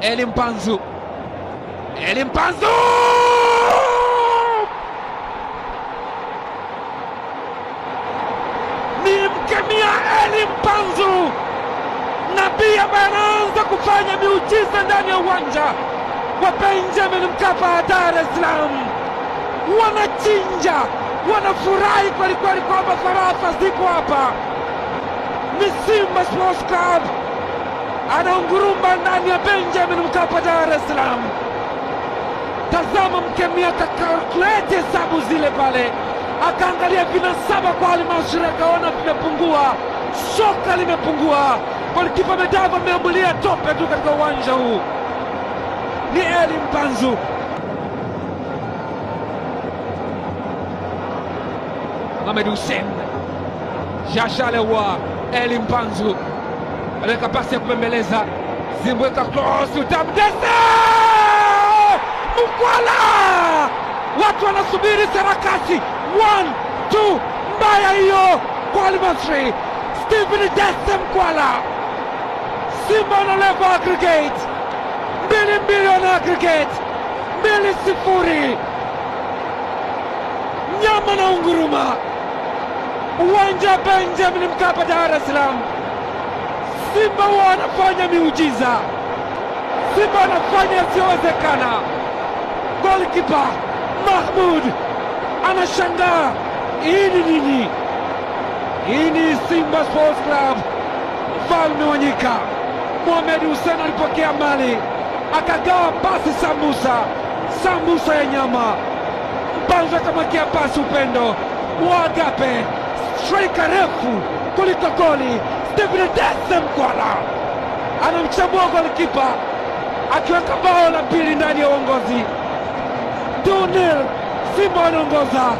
Eli Mpanzu, Eli Mpanzu nimkemia Eli Mpanzu, nabii ambaye anaanza kufanya miujiza ndani ya uwanja wa Benjamin Mkapa, Dar es Salaam. Wanachinja, wanafurahi kwelikweli kwamba farafa ziko hapa. Ni Simba Sports Club anaunguruma ndani ya Benjamin Mkapa, Dar es Salaam. Tazama mkemia akakalkuleti hesabu zile pale, akaangalia vinasaba kwa halmashauri, akaona vimepungua, soka limepungua. Golikipa Medava ameambulia tope tu katika uwanja huu, ni Eli Mpanzu. Mohamed Hussein Jashalewa, Eli Mpanzu anaweka pasi ya kubembeleza zimbweka krosi, oh, utamdesa mkwala, watu wanasubiri sarakasi 1 mbaya hiyo kwa Almasri. Stephen Dese Mkwala, Simba level aggregate mbili mbili, wana aggregate mbili sifuri. Nyama na unguruma, uwanja Benjamin Mkapa, Dar es Salaam. Simba huwa wanafanya miujiza. Simba wanafanya yasiyowezekana. Golikipa Mahmud anashangaa hii ni nini? Hii ni Simba Sports Club, mfalme wa nyika. Mohamed Hussein alipokea mali, akagawa pasi sambusa, sambusa ya nyama. Mpanzo akamwekea pasi Upendo wa Agape strika refu kuliko goli. Stephen Dese Mkwala anamchambua golikipa akiweka bao la pili ndani ya uongozi. 2-0, Simba wanaongoza.